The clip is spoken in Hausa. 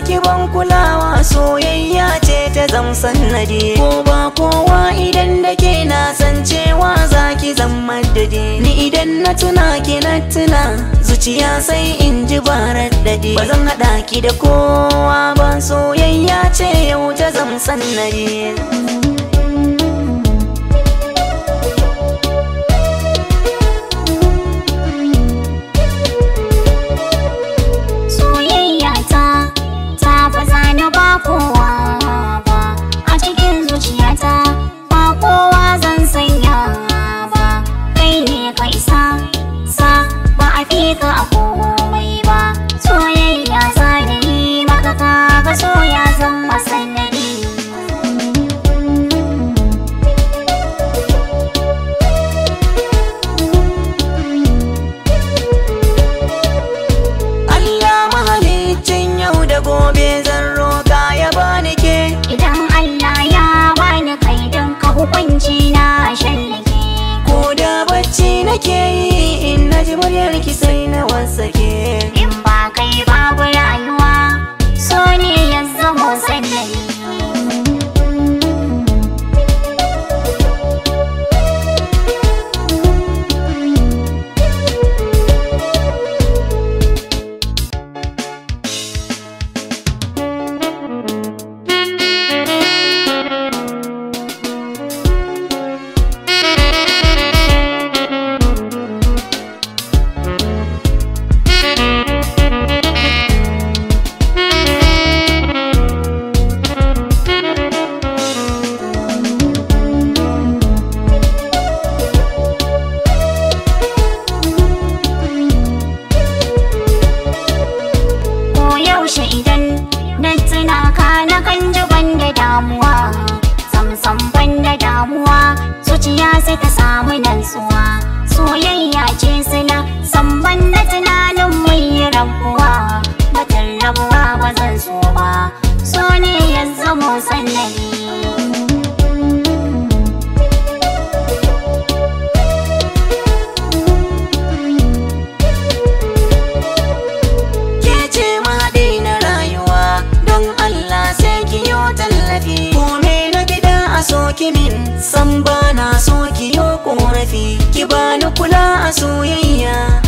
ki ban kulawa soyayya ce ta zamsan nade ko ba kowa idan da ke na san cewa za ki zama dade ni idan na tuna ki na tuna zuciya sai in ji barar dade ba zan haɗa ki da kowa ba soyayya ce yau ta zamsan nade sai once again. suna kana kan ji da damuwa samsam da damuwa zuciya sai ta samu nantsuwa soyayya ce suna samban na tunanin yi rabuwa batun rabuwa ba zan so ba so ne ya zamo sani so ki min san bana na so ki yo korafi ki bani kula a soyayya